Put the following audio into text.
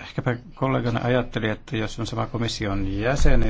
Ehkäpä kollegani ajatteli, että jos on sama komission jäsen, niin